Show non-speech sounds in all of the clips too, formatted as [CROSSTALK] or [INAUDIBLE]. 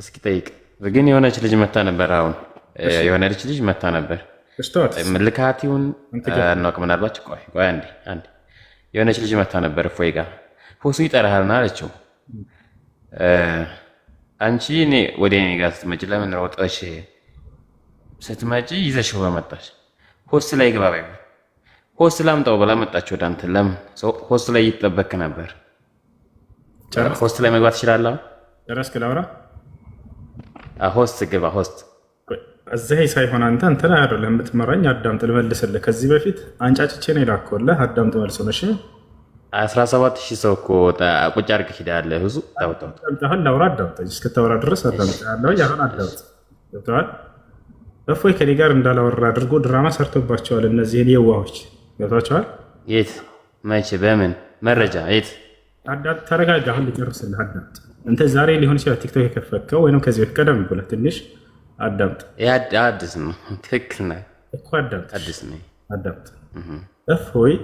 እስኪ ጠይቅ። ግን የሆነች ልጅ መታ ነበር። አሁን የሆነች ልጅ መታ ነበር። ልካቲውን እናውቅ ምናልባት ቆይ ቆይ አንዴ አንዴ የሆነች ልጅ መታ ነበር። እፎይ ጋር ፎሱ ና አለችው። አንቺ እኔ ወደ እኔ ጋር ስትመጪ ለምን ሮጠሽ ስትመጪ ይዘሽው በመጣሽ ሆስ ላይ ግባ ባይ ሆስ ላምጣው ብላ መጣች ወደ አንተ። ለምን ሆስ ላይ ይጠበቅ ነበር? ሆስ ላይ መግባት ትችላለህ? ጨረስክ ላውራ ሆስት ግባ ሆስት እዚህ ሳይሆን አንተ እንትን አይደለም የምትመራኝ። አዳምጥ ልመልስልህ። ከዚህ በፊት አንጫጭቼ ነው የላከውልህ። አዳምጥ መልሶ ነሽ 17 ሺህ ሰው እኮ ቁጭ አድርግ ሂዳለ ብዙ ታውጣሁን ላውራ አዳምጠኝ እስክታወራ ድረስ አዳምጥ ያለው ያሁን አዳምጥ ገብተዋል። እፎይ ከኔ ጋር እንዳላወራ አድርጎ ድራማ ሰርቶባቸዋል። እነዚህን የዋዎች ገብቷቸዋል። የት መቼ በምን መረጃ የት አዳት ተረጋጋ። አሁን ልጨርስልህ። አዳምጥ። እንተ ዛሬ ሊሆን ይችላል ቲክቶክ የከፈከው ወይም ከዚህ በፊት ቀደም ብለህ ትንሽ አዳምጥ። አዲስ ነው። [LAUGHS] ትክክል ነህ እኮ አዳምጥ። አዲስ አዳምጥ። እፎይ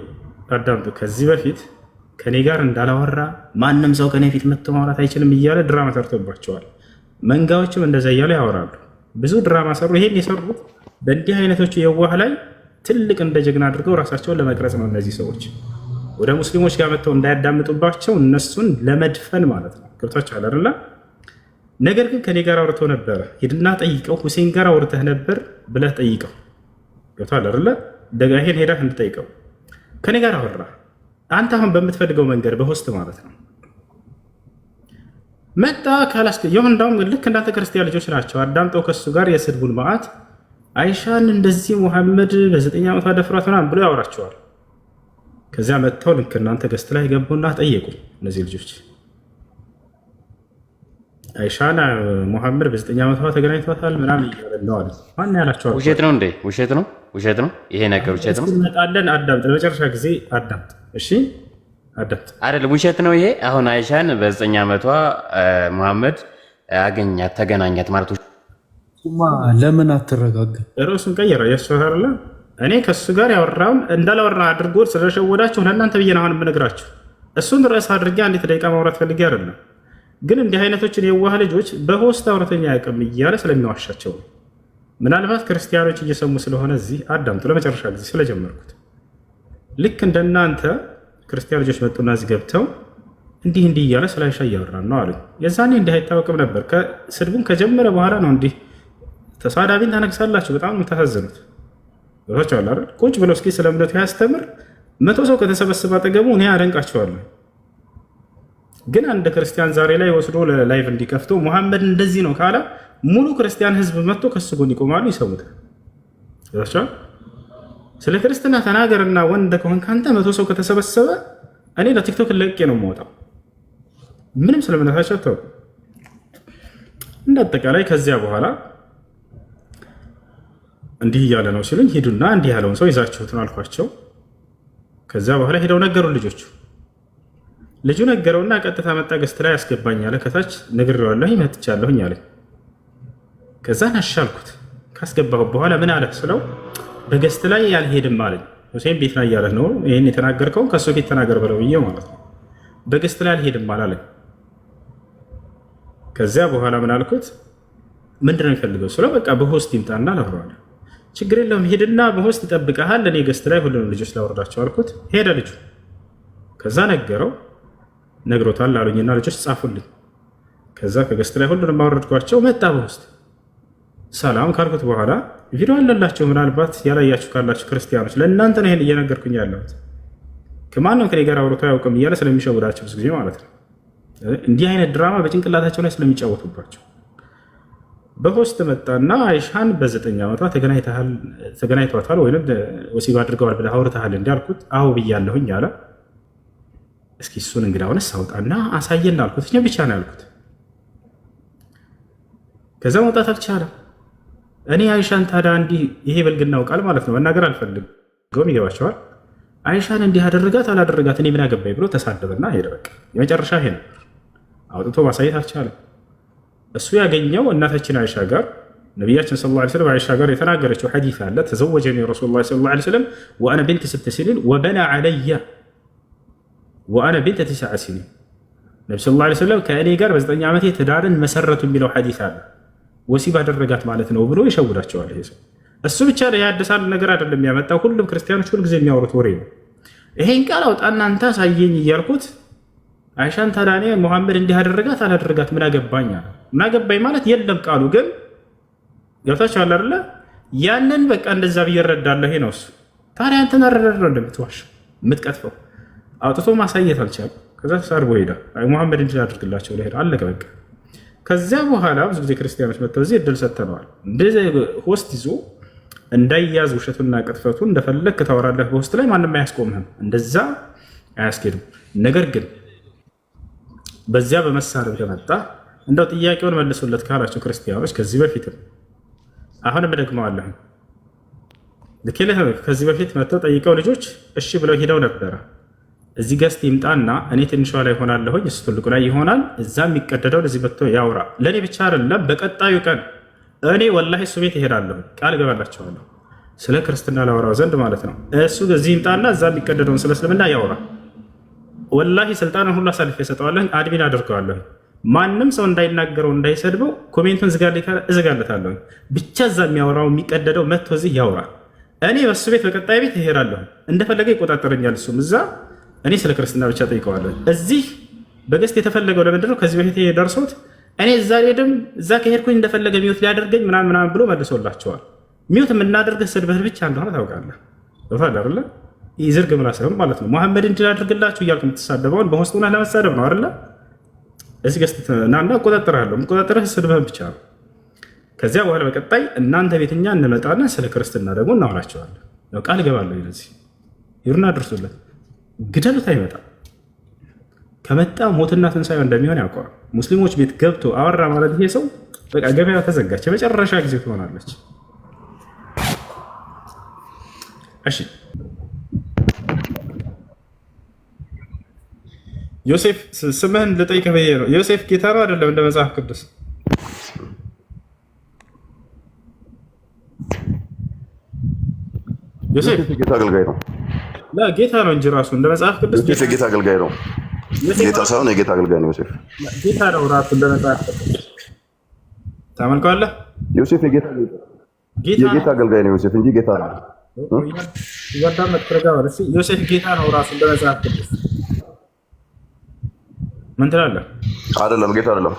አዳምጡ። ከዚህ በፊት ከኔ ጋር እንዳላወራ ማንም ሰው ከኔ ፊት መጥቶ ማውራት አይችልም እያለ ድራማ ሰርቶባቸዋል። መንጋዎችም እንደዛ እያሉ ያወራሉ። ብዙ ድራማ ሰሩ። ይሄን የሰሩት በእንዲህ አይነቶቹ የዋህ ላይ ትልቅ እንደ ጀግና አድርገው ራሳቸውን ለመቅረጽ ነው እነዚህ ሰዎች ወደ ሙስሊሞች ጋር መጥተው እንዳያዳምጡባቸው እነሱን ለመድፈን ማለት ነው። ገብቷችኋል አይደለ? ነገር ግን ከኔ ጋር አውርተው ነበረ፣ ሂድና ጠይቀው። ሁሴን ጋር አውርተህ ነበር ብለህ ጠይቀው። ገብቷል አይደለ? ይሄን ሄዳህ እንድጠይቀው ከኔ ጋር አወራ። አንተ አሁን በምትፈልገው መንገድ በሆስት ማለት ነው መጣ ካላስ ይሁን። እንዳውም ልክ እንዳንተ ክርስቲያን ልጆች ናቸው። አዳምጠው ከሱ ጋር የስድቡን መዓት አይሻን እንደዚህ ሙሐመድ በዘጠኝ ዓመቷ ደፍሯት ምናምን ብሎ ያወራቸዋል። ከዚያ መጥተው ልክ እናንተ ደስት ላይ ገቡና ጠየቁ። እነዚህ ልጆች አይሻና ሙሐመድ በዘጠኝ ዓመቷ ተገናኝቷታል ምናምን እያለ ነው አለ። ማነው ያላቸው? ውሸት ነው እንዴ? ውሸት ነው፣ ውሸት ነው። ይሄ ነገር ውሸት ነው። እንመጣለን። አዳምጥ፣ ለመጨረሻ ጊዜ አዳምጥ። እሺ፣ አዳምጥ። አይደለም ውሸት ነው ይሄ። አሁን አይሻን በዘጠኝ ዓመቷ ሙሐመድ አገኛት፣ ተገናኛት ማለት ለምን አትረጋግም? ርዕሱን ቀየረ የሱ አይደለም እኔ ከእሱ ጋር ያወራውን እንዳላወራ አድርጎ ስለሸወዳችሁ ለእናንተ ብዬ ነው አሁን የምነግራችሁ። እሱን ርዕስ አድርጌ አንዲት ደቂቃ ማውራት ፈልጌ አይደለም፣ ግን እንዲህ አይነቶችን የዋህ ልጆች በሆስት እውነተኛ ያቅም እያለ ስለሚዋሻቸው ነው። ምናልባት ክርስቲያኖች እየሰሙ ስለሆነ እዚህ አዳምጡ። ለመጨረሻ ጊዜ ስለጀመርኩት ልክ እንደናንተ ክርስቲያን ልጆች መጡና እዚህ ገብተው እንዲህ እንዲህ እያለ ስለ አይሻ እያወራን ነው አሉ። የዛኔ እንዲህ አይታወቅም ነበር። ስድቡን ከጀመረ በኋላ ነው እንዲህ ተሳዳቢን ታነግሳላችሁ። በጣም የምታሳዝኑት ቸዋል አይደል? ቁጭ ብለው እስኪ ስለ እምነቱ ያስተምር። መቶ ሰው ከተሰበሰበ አጠገቡ እኔ አደንቃቸዋለሁ። ግን አንድ ክርስቲያን ዛሬ ላይ ወስዶ ለላይቭ እንዲከፍተው ሙሐመድ እንደዚህ ነው ካለ ሙሉ ክርስቲያን ህዝብ መጥቶ ከሱ ጎን ይቆማሉ፣ ይሰሙታል። ቸዋል ስለ ክርስትና ተናገርና ወንድ ከሆን ከአንተ መቶ ሰው ከተሰበሰበ እኔ ለቲክቶክ ለቄ ነው የማወጣው። ምንም ስለ እምነታቸው እንደ አጠቃላይ ከዚያ በኋላ እንዲህ እያለ ነው ሲሉኝ፣ ሂዱና እንዲህ ያለውን ሰው ይዛችሁትን አልኳቸው። ከዛ በኋላ ሄደው ነገሩ ልጆቹ ልጁ ነገረውና ቀጥታ መጣ። ገስት ላይ አስገባኝ አለ። ከታች ነግሬዋለሁ መጥቻለሁኝ አለ። ከዛ ናሻልኩት ካስገባሁ በኋላ ምን አለ ስለው በገስት ላይ ያልሄድም አለኝ። ሁሴን ቤት ላይ ያለህ ነው ይህን የተናገርከውን ከእሱ ቤት ተናገር ብለው ብዬ ማለት ነው። በገስት ላይ አልሄድም አላለኝ። ከዚያ በኋላ ምን አልኩት ምንድነው የሚፈልገው ስለው በቃ በሆስት ይምጣና ለፍረዋለ ችግር የለውም ሂድና በሆስት ይጠብቀሃል፣ እኔ ገስት ላይ ሁሉንም ልጆች ላወርዳቸው አልኩት። ሄደ ልጁ። ከዛ ነገረው ነግሮታል አሉኝና ልጆች ጻፉልኝ። ከዛ ከገስት ላይ ሁሉንም አወረድኳቸው። መጣ በሆስት ሰላም ካልኩት በኋላ ቪዲዮ አለላቸው ምናልባት ያላያችሁ ካላችሁ ክርስቲያኖች፣ ለእናንተ ነው ይሄን እየነገርኩኝ ያለሁት። ከማንም ከኔ ጋር አውርቶ አያውቅም እያለ ስለሚሸውዳቸው ብዙ ጊዜ ማለት ነው። እንዲህ አይነት ድራማ በጭንቅላታቸው ላይ ስለሚጫወቱባቸው በሆስት መጣና አይሻን በዘጠኝ ዓመቷ ተገናኝተዋታል ወይም ወሲብ አድርገዋል ብለህ አውርተሃል እንዳልኩት አሁ ብያለሁኝ አለ። እስኪ እሱን እንግዲህ አሁንስ አውጣና አሳየን አልኩት። እኛ ብቻ ነው ያልኩት። ከዛ መውጣት አልቻለ። እኔ አይሻን ታዲያ እንዲህ ይሄ በልግናው ቃል ማለት ነው መናገር አልፈልገውም፣ ይገባቸዋል። አይሻን እንዲህ አደረጋት አላደረጋት እኔ ምን አገባኝ ብሎ ተሳደበና ሄደ። በቃ የመጨረሻ ይሄ ነው። አውጥቶ ማሳየት አልቻለም። እሱ ያገኘው እናታችን አይሻ ጋር ነቢያችን ስለ ላ ስለም አይሻ ጋር የተናገረችው ሐዲስ አለ። ተዘወጀኒ ረሱሉ ላ ስለ ላ ስለም ወአነ ብንት ስብት ሲኒን ወበና አለያ ወአነ ብንት ትስዓ ሲኒን ነቢ ስ ላ ስለም ከእኔ ጋር በዘጠኝ ዓመቴ ትዳርን መሰረቱ የሚለው ሐዲስ አለ። ወሲብ አደረጋት ማለት ነው ብሎ ይሸውዳቸዋል። ይሄ ሰው እሱ ብቻ የአዲስ አንድ ነገር አይደለም ያመጣው። ሁሉም ክርስቲያኖች ሁልጊዜ የሚያወሩት ወሬ ነው። ይሄን ቃል አውጣ እናንተ አሳየኝ እያልኩት አይሻን ታዲያ እኔ ሙሐመድ እንዲህ አደረጋት አላደረጋት ምን አገባኝ አለ። ምን አገባኝ ማለት የለም ቃሉ ግን ገብታችኋል አይደለ? ያንን በቃ እንደዛ ብዬ እረዳለሁ። ነው እሱ። ታዲያ አንተን አረዳዳ እንደምትዋሽ የምትቀጥፈው አውጥቶ ማሳየት አልቻለም። ከዛ ተሳርቦ ሄዳ ሙሐመድ እንዲህ አድርግላቸው ላይ ሄዳ አለቀ በቃ። ከዚያ በኋላ ብዙ ጊዜ ክርስቲያኖች መጥተው እዚህ እድል ሰጥተነዋል። እንደዚ ሆስት ይዞ እንዳያዝ ውሸቱና ቅጥፈቱ እንደፈለግ ታወራለህ በውስጥ ላይ ማንም አያስቆምህም። እንደዛ አያስኬዱም ነገር ግን በዚያ በመሳሪያ ከመጣ እንደው ጥያቄውን መልሱለት ካላቸው ክርስቲያኖች ከዚህ በፊትም አሁንም እደግመዋለሁ ልክልህ ከዚህ በፊት መጥተው ጠይቀው ልጆች እሺ ብለው ሂደው ነበረ። እዚህ ገስት ይምጣና እኔ ትንሿ ላይ ሆናለሁኝ፣ እሱ ትልቁ ላይ ይሆናል። እዛ የሚቀደደው እዚህ መጥቶ ያውራ። ለእኔ ብቻ አይደለም፣ በቀጣዩ ቀን እኔ ወላሂ እሱ ቤት ይሄዳለሁ፣ ቃል ገባላቸዋለሁ፣ ስለ ክርስትና ላውራው ዘንድ ማለት ነው። እሱ እዚህ ይምጣና እዛ የሚቀደደውን ስለ እስልምና ያውራ። ወላሂ ስልጣንን ሁሉ አሳልፌ እሰጠዋለሁ፣ አድሚን አደርገዋለሁ። ማንም ሰው እንዳይናገረው እንዳይሰድበው ኮሜንቱን እዝጋለታለሁ። ብቻ እዛ የሚያወራው የሚቀደደው መጥቶ እዚህ ያውራል። እኔ በሱ ቤት በቀጣይ ቤት እሄዳለሁ፣ እንደፈለገ ይቆጣጠረኛል። እሱም እዛ እኔ ስለ ክርስትና ብቻ ጠይቀዋለሁ። እዚህ በገስት የተፈለገው ለምንድን ነው? ከዚህ በፊት ደርሶት እኔ እዛ ሄድም እዛ ከሄድኩኝ እንደፈለገ ሚት ሊያደርገኝ ምናምን ምናምን ብሎ መልሶላቸዋል። ሚት የምናደርገ ስድበት ብቻ እንደሆነ ታውቃለህ። ይዝርግ ምላስም ማለት ነው። መሐመድ እንዲል አድርግላችሁ እያልክ የምትሳደበውን በውስጥ ሆነህ ለመሳደብ ነው አይደለ? እዚህ ገስ ናና እቆጣጠርሃለሁ። የምቆጣጠርህ ስድብህን ብቻ ነው። ከዚያ በኋላ በቀጣይ እናንተ ቤተኛ እንመጣለን ስለ ክርስትና ደግሞ እናወራቸዋለን። ቃል እገባለሁ። ለዚህ ይሩና ድርሱለት፣ ግደሉት። አይመጣም። ከመጣ ሞትና ትንሳኤ እንደሚሆን ያውቀዋል። ሙስሊሞች ቤት ገብቶ አወራ ማለት ይሄ ሰው በቃ ገበያ ተዘጋች፣ የመጨረሻ ጊዜ ትሆናለች። እሺ ዮሴፍ ስምህን ልጠይቅ ብዬ ነው። ዮሴፍ ጌታ ነው አይደለም እንደ መጽሐፍ ቅዱስ ዮሴፍ ጌታ አገልጋይ ነው። ጌታ ነው እንጂ ራሱ እንደ መጽሐፍ ቅዱስ ጌታ አገልጋይ ነው። ጌታ ሳይሆን የጌታ አገልጋይ ነው። ዮሴፍ ጌታ ነው ራሱ እንደ መጽሐፍ ቅዱስ ታመልከዋለህ። ዮሴፍ የጌታ አገልጋይ ነው። ዮሴፍ እንጂ ጌታ ነው። ዮሴፍ ጌታ ነው ራሱ እንደ መጽሐፍ ቅዱስ ምን ትላለህ? አይደለም ጌታ አይደለም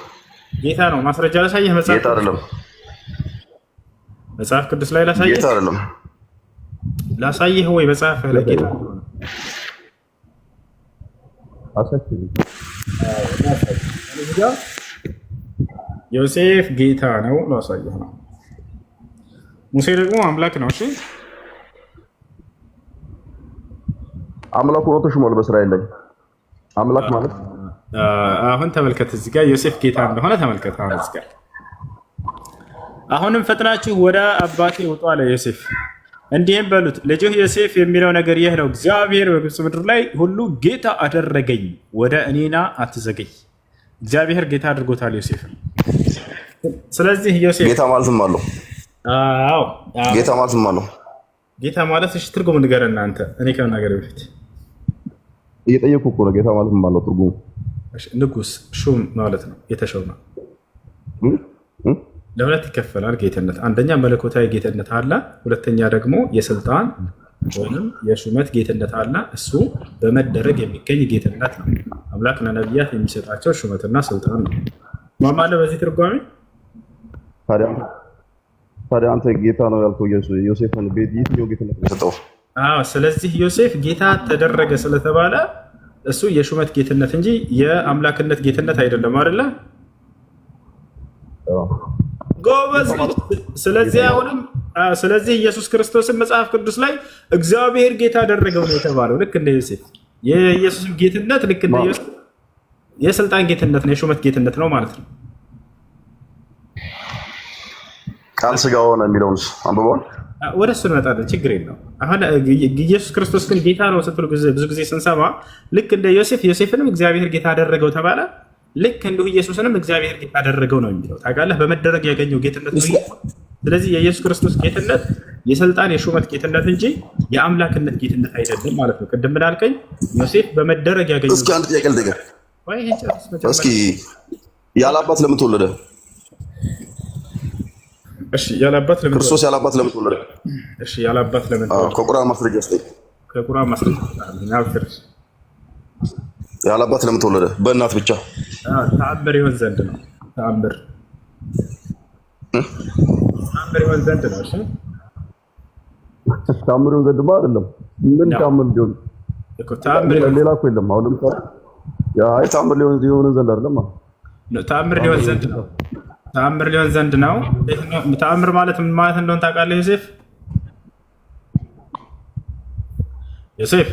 ጌታ ነው። ማስረጃ ላሳየህ። መጽሐፍ ጌታ አይደለም። መጽሐፍ ቅዱስ ላይ ላሳየህ። ጌታ አይደለም። ላሳየህ ወይ መጽሐፍ ላይ ጌታ ዮሴፍ ጌታ ነው። ላሳየህ ነው። ሙሴ ደግሞ አምላክ ነው። እሺ አምላክ ሆኖ ተሾሟል በስራ ላይ አምላክ ማለት አሁን ተመልከት፣ እዚህ ጋር ዮሴፍ ጌታ እንደሆነ ተመልከት። አሁን እዚህ ጋር አሁንም ፈጥናችሁ ወደ አባቴ ውጡ አለ ዮሴፍ። እንዲህም በሉት ልጅህ ዮሴፍ የሚለው ነገር ይህ ነው፣ እግዚአብሔር በግብፅ ምድር ላይ ሁሉ ጌታ አደረገኝ፣ ወደ እኔና አትዘገይ። እግዚአብሔር ጌታ አድርጎታል ዮሴፍ። ስለዚህ ዮሴፍ ጌታ ማለትም አለው። አዎ ጌታ ማለትም አለው። ጌታ ማለት እሺ፣ ትርጉም ንገረን እናንተ። እኔ ከምናገር በፊት እየጠየኩ እኮ ነው። ጌታ ማለትም አለው ትርጉሙ ንጉስ ሹም ማለት ነው። የተሾመ ለሁለት ይከፈላል ጌትነት። አንደኛ መለኮታዊ ጌትነት አለ፣ ሁለተኛ ደግሞ የስልጣን ወይም የሹመት ጌትነት አለ። እሱ በመደረግ የሚገኝ ጌትነት ነው። አምላክ ለነቢያት የሚሰጣቸው ሹመትና ስልጣን ነው። ማማለ በዚህ ትርጓሜ። ታዲያ አንተ ጌታ ነው ያልከው ዮሴፍን ቤት የትኛው ጌትነት ነው ስለዚህ ዮሴፍ ጌታ ተደረገ ስለተባለ እሱ የሹመት ጌትነት እንጂ የአምላክነት ጌትነት አይደለም አይደለ? ጎበዝ። ስለዚህ አሁንም ስለዚህ ኢየሱስ ክርስቶስን መጽሐፍ ቅዱስ ላይ እግዚአብሔር ጌታ አደረገው ነው የተባለው። ልክ እንደ ዮሴፍ የኢየሱስ ጌትነት ልክ እንደ ዮሴፍ የስልጣን ጌትነት ነው፣ የሹመት ጌትነት ነው ማለት ነው። ቃል ስጋ ሆነ የሚለውን አንብበዋል። ወደ እሱ እንመጣለን፣ ችግር የለው። አሁን ኢየሱስ ክርስቶስ ግን ጌታ ነው ስትሉ ብዙ ጊዜ ስንሰማ ልክ እንደ ዮሴፍ ዮሴፍንም እግዚአብሔር ጌታ አደረገው ተባለ። ልክ እንዲሁ ኢየሱስንም እግዚአብሔር ጌታ አደረገው ነው የሚለው ታውቃለህ። በመደረግ ያገኘው ጌትነት። ስለዚህ የኢየሱስ ክርስቶስ ጌትነት የስልጣን የሹመት ጌትነት እንጂ የአምላክነት ጌትነት አይደለም ማለት ነው። ቅድም እንዳልከኝ ዮሴፍ በመደረግ ያገኘው። እስኪ አንድ ጥያቄ ልጠይቅህ። እስኪ ያለ አባት ለምን ተወለደ? እሺ ያላባት ለምን ክርስቶስ ያላባት ለምን ተወለደ? እሺ ያላባት ለምን ተወለደ? ከቁርአን ማስረጃ ማስረጃ ስጠኝ። ያላባት ለምን ተወለደ? በእናት ብቻ ተአምር ይሆን ዘንድ ነው። ተአምር ይሆን ዘንድ ነው። እሺ ተአምር ይሆን ዘንድማ አይደለም። ምን ተአምር ሊሆን ሌላ እኮ የለም። አሁን ለምሳሌ ተአምር ሊሆን ዘንድ አይደለም። ተአምር ሊሆን ዘንድ ነው ተአምር ሊሆን ዘንድ ነው። ተአምር ማለት ምን ማለት እንደሆን ታውቃለህ ዮሴፍ? ዮሴፍ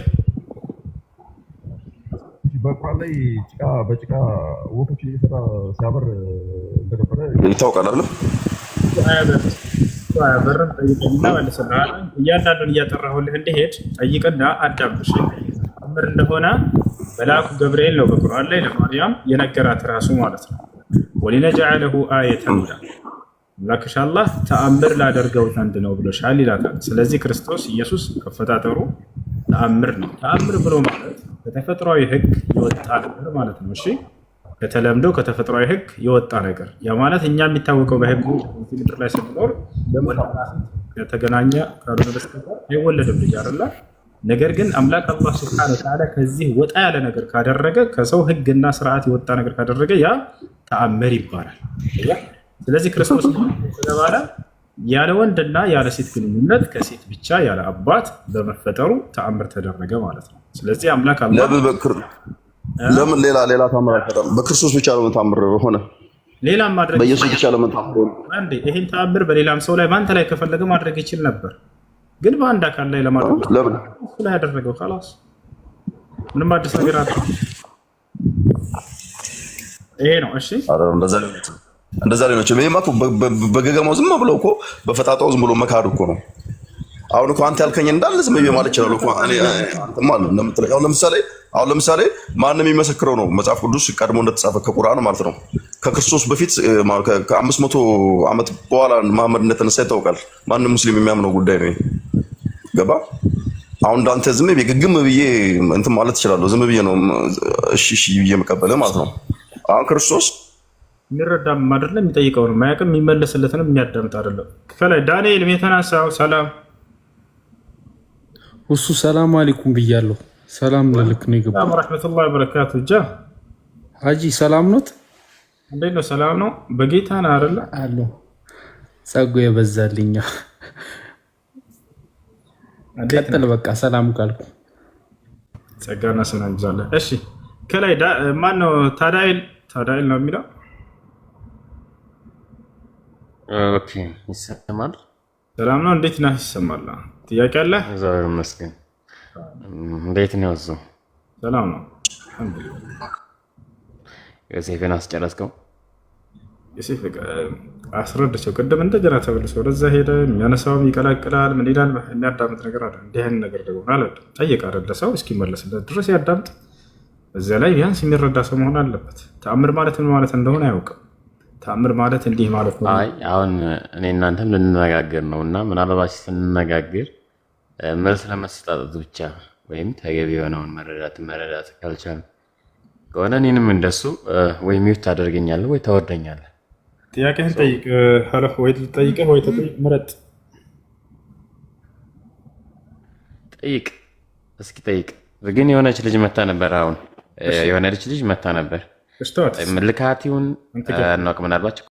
በኳን ላይ ጭቃ በጭቃ ወፎች እየሰራ ሲያበር እንደነበረ ይታወቃል አለ በርም እያንዳንዱን እያጠራሁልህ እንዲሄድ ጠይቅና አዳምሽ ተአምር እንደሆነ መልአኩ ገብርኤል ነው በቁርአን ላይ ለማርያም የነገራት ራሱ ማለት ነው። ወሊነጅዐለሁ አየተን ይላል አምላክሽ አላህ ተአምር ላደርገው ዘንድ ነው ብሎሻል ይላታል። ስለዚህ ክርስቶስ ኢየሱስ አፈጣጠሩ ተአምር ነው። ተአምር ብሎ ማለት ከተፈጥሯዊ ሕግ የወጣ ነገር ማለት ነው። እሺ ከተለምዶ ከተፈጥሯዊ ሕግ የወጣ ነገር ያ ማለት እኛ የሚታወቀው በሕግ ምድር ላይ ስንኖር ከተገናኘ ካልሆነ በስተቀር አይወለድም ልጅ አይደለም ነገር ግን አምላክ አላህ ስብሐነ ወተዓላ ከዚህ ወጣ ያለ ነገር ካደረገ ከሰው ህግና ስርዓት የወጣ ነገር ካደረገ ያ ተአምር ይባላል። ስለዚህ ክርስቶስ ስለባለ ያለ ወንድና ያለ ሴት ግንኙነት ከሴት ብቻ ያለ አባት በመፈጠሩ ተአምር ተደረገ ማለት ነው። ስለዚህ አምላክ ለምን ሌላ ሌላ ተአምር አልፈጠረም? በክርስቶስ ብቻ ለምን ተአምር ሆነ? ሌላም ማድረግ በኢየሱስ ብቻ ለምን ተአምር ሆነ? ይህን ተአምር በሌላም ሰው ላይ በአንተ ላይ ከፈለገ ማድረግ ይችል ነበር። ግን በአንድ አካል ላይ ለማድረግ ላይ ያደረገው ላስ ምንም አዲስ ነገር አለ ይሄ ነው። እሺ እንደዛ ላይ ናቸው። ይሄማ በገገማው ዝም ብለው እኮ በፈጣጣው ዝም ብሎ መካድ እኮ ነው። አሁን እኮ አንተ ያልከኝ እንዳለ ዝም ብዬ ማለት ይችላል እኮ ለምሳሌ አሁን ለምሳሌ ማንም የሚመሰክረው ነው መጽሐፍ ቅዱስ ቀድሞ እንደተጻፈ ከቁርአን ማለት ነው። ከክርስቶስ በፊት ከአምስት መቶ ዓመት በኋላ መሐመድ እንደተነሳ ይታወቃል። ማንም ሙስሊም የሚያምነው ጉዳይ ነው። ገባ አሁን እንዳንተ ዝም ብዬ ግግም ብዬ እንትን ማለት እችላለሁ። ዝም ብዬ ነው እሺ እሺ ብዬ መቀበል ማለት ነው። አሁን ክርስቶስ የሚረዳም አይደለም የሚጠይቀው ነው ማያውቅም የሚመለስለትንም የሚያዳምጥ አይደለም። ከላይ ዳንኤል የተናሳው ሰላም እሱ ሰላም አለይኩም ብያለሁ። ሰላም ለልክ ነው ይገባ ሰላም ረህመቱላሂ ወበረካቱ እጃ ሀጂ ሰላም ኖት? እንዴት ነው ሰላም ነው? በጌታ ነው አይደለ አለሁ። ጸጉ የበዛልኛ ቀጥል በቃ ሰላም ካልኩ ጸጋና ሰላም ይብዛለን። እሺ ከላይ ማን ነው? ታዳይል ታዳይል ነው የሚለው ይሰማል። ሰላም ነው እንዴት ነህ? ይሰማል። ጥያቄ አለ? እግዚአብሔር ይመስገን። እንዴት ነው? እዚያው ሰላም ነው። ዮሴፍን አስጨረስከው? አስረድቸው ቅድም እንደገና ተመልሶ ወደዛ ሄደ። የሚያነሳውም ይቀላቅላል። ምን ይላል? የሚያዳምጥ ነገር አለ። እንዲህ ነገር ደግሞ አለ ጠይቅ አለ ሰው እስኪመለስለት ድረስ ያዳምጥ። እዚያ ላይ ቢያንስ የሚረዳ ሰው መሆን አለበት። ተአምር ማለት ምን ማለት እንደሆነ አያውቅም። ተአምር ማለት እንዲህ ማለት ነው። አይ አሁን እኔ እናንተም ልንነጋገር ነው እና ምናልባት ስንነጋገር መልስ ለመሰጣጠት ብቻ ወይም ተገቢ የሆነውን መረዳት መረዳት ካልቻል ከሆነ እኔንም እንደሱ ወይ ሚዩት ታደርገኛለህ ወይ ታወርደኛለህ ጥያቄ ልጠይቅ ሀለፍ ወይ ልጠይቅህ ወይ ተጠይቅ፣ ምረጥ። ጠይቅ፣ እስኪ ጠይቅ። ግን የሆነች ልጅ መታ ነበር። አሁን የሆነች ልጅ መታ ነበር። ልካቲውን እናውቅ ምናልባት